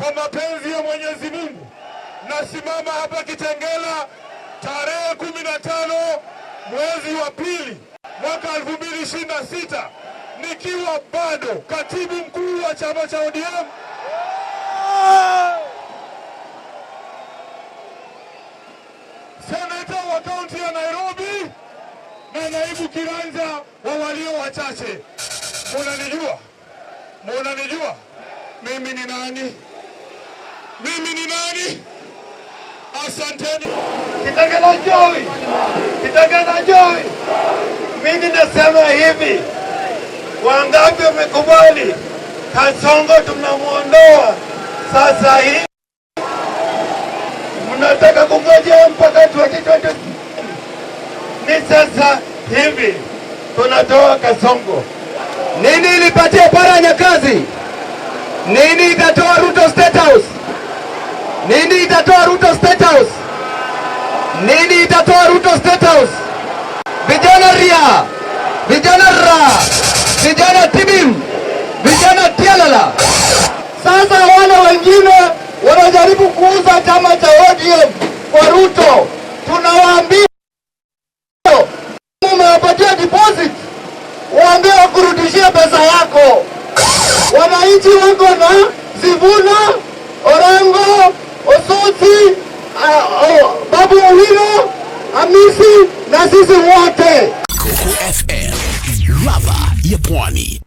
kwa mapenzi ya Mwenyezi Mungu nasimama hapa Kitengela tarehe kumi na tano mwezi wa pili mwaka 2026 nikiwa bado katibu mkuu wa chama cha ODM seneta wa kaunti ya Nairobi na naibu kiranja wa walio wachache. Munanijua, munanijua mimi ni nani? mimi ni nani? Asanteni. Kitengela Joy, Kitengela Joy, mimi nasema hivi, wangapi wamekubali Kasongo tunamwondoa sasa hivi? Mnataka kungoja mpaka 2020? Ni sasa hivi tunatoa Kasongo. Nini ilipatia Paranya kazi? Nini itatoa Ruto state? nini itatoa Ruto State House. Vijana ria, vijana ra, vijana tibim, vijana tialala. Sasa wale wengine wanajaribu kuuza chama cha ODM kwa Ruto, tunawaambia umewapatia deposit, waambie wakurudishia pesa yako. Wananchi wako na zivuna ora Hamisi na sisi wote. Coco FM, ladha ya Pwani.